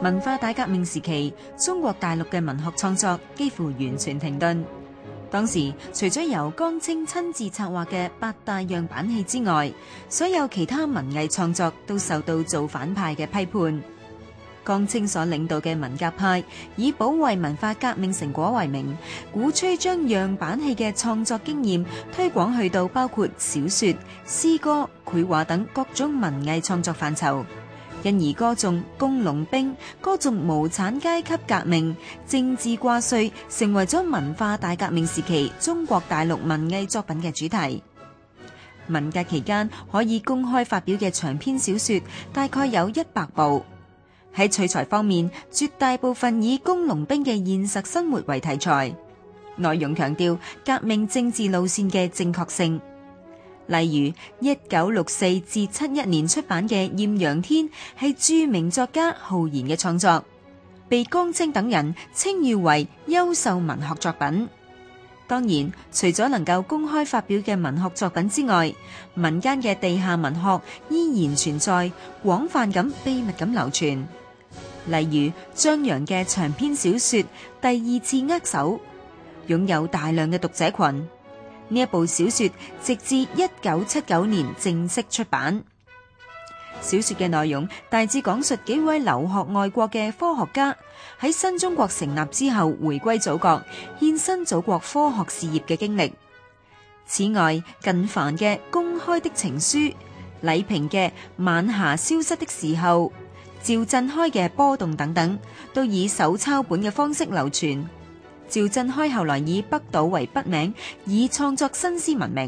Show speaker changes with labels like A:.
A: 文化大革命時期，中國大陸嘅文學創作幾乎完全停頓。當時，除咗由江青親自策劃嘅八大樣板戲之外，所有其他文藝創作都受到造反派嘅批判。江青所領導嘅文革派以保衛文化革命成果為名，鼓吹將樣板戲嘅創作經驗推廣去到包括小說、詩歌、繪畫等各種文藝創作範疇。因而歌頌工農兵，歌頌無產階級革命政治掛帥，成為咗文化大革命時期中國大陸文藝作品嘅主題。文革期間可以公開發表嘅長篇小說大概有一百部。喺取材方面，絕大部分以工農兵嘅現實生活為題材，內容強調革命政治路線嘅正確性。例如一九六四至七一年出版嘅《艷陽天》係著名作家浩然嘅創作，被江青等人稱譽為優秀文學作品。當然，除咗能夠公開發表嘅文學作品之外，民間嘅地下文學依然存在，廣泛咁秘密咁流傳。例如張揚嘅長篇小說《第二次握手》，擁有大量嘅讀者群。呢一部小說直至一九七九年正式出版。小說嘅內容大致講述幾位留學外國嘅科學家喺新中國成立之後回歸祖國，獻身祖國科學事業嘅經歷。此外，靳凡嘅公開的情書、禮平嘅晚霞消失的時候、趙振開嘅波動等等，都以手抄本嘅方式流傳。趙振開後來以北島為筆名，以創作新詩聞名。